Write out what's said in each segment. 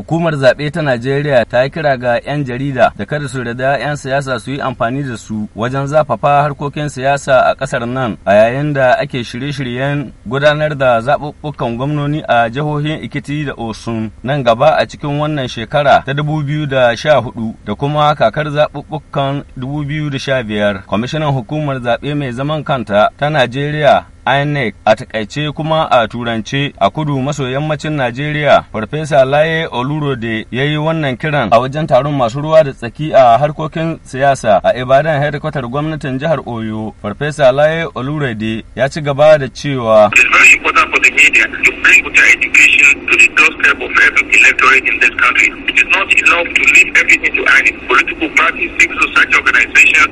Hukumar zaɓe ta Najeriya ta yi kira ga 'yan jarida da kada su da 'yan siyasa su yi amfani da su wajen zafafa harkokin siyasa a ƙasar nan a yayin da ake shirye-shiryen gudanar da zaɓuɓɓukan gwamnoni a jihohin Ikiti da Osun nan gaba a cikin wannan shekara ta 2014 da kuma kakar zaɓuɓɓukan 2015. Kwamishinan hukumar zaɓe mai zaman kanta ta Najeriya INEC a takaice kuma a turance a kudu maso yammacin Najeriya. Farfesa Laye Olurode ya yi wannan kiran a wajen taron masu ruwa da tsaki a harkokin siyasa a Ibadan hedikwatar gwamnatin jihar Oyo. Farfesa Laye Olurode ya ci gaba da cewa.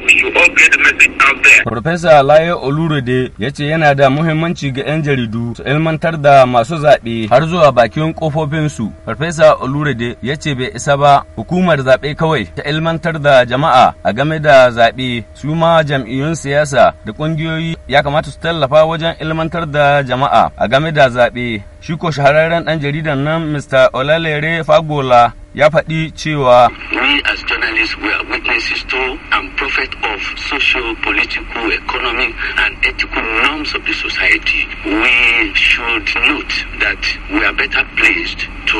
It to Profesa Laye olurede ya ce yana da muhimmanci ga 'yan jaridu su ilmantar da masu zaɓe har zuwa bakin ƙofofinsu. Farfesa Olurede ya ce bai isa ba hukumar zaɓe kawai ta ilmantar da jama'a a game da zaɓe su ma jam'iyyun siyasa da ƙungiyoyi ya kamata su tallafa wajen ilmantar da jama'a a game da zaɓe. shiko shahararren ɗan jaridan nan Mr. Olalere Fagola ya faɗi cewa. journalists were witnesses to and prophet of social, political, economic, and ethical norms of the society, we should note that we are better placed to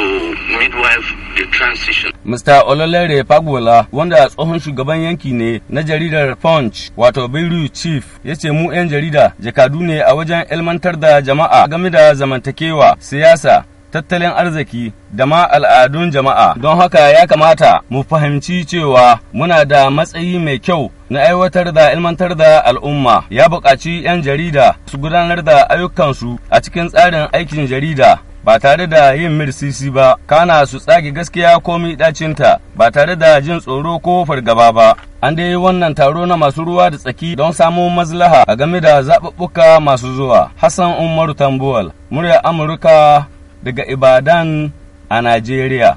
midwife the transition. Mr. Ololere Pagwola, wanda tsohon shugaban yanki ne na jaridar Punch, wato Beiru Chief, ya ce mu 'yan jarida jakadu ne a wajen ilmantar da jama'a game da zamantakewa, siyasa, tattalin arziki da ma al'adun jama'a don haka ya kamata mu fahimci cewa muna da matsayi mai kyau na aiwatar da ilmantar da al'umma ya buƙaci 'yan jarida su gudanar da ayyukansu a cikin tsarin aikin jarida ba tare da yin mirsisi ba kana su tsage gaskiya komi ɗacinta ba tare da jin tsoro ko fargaba ba an dai wannan taro na masu ruwa da tsaki don samo maslaha a game da zaɓuɓɓuka masu zuwa hassan umaru tambuwal murya amurka daga Ibadan a Najeriya.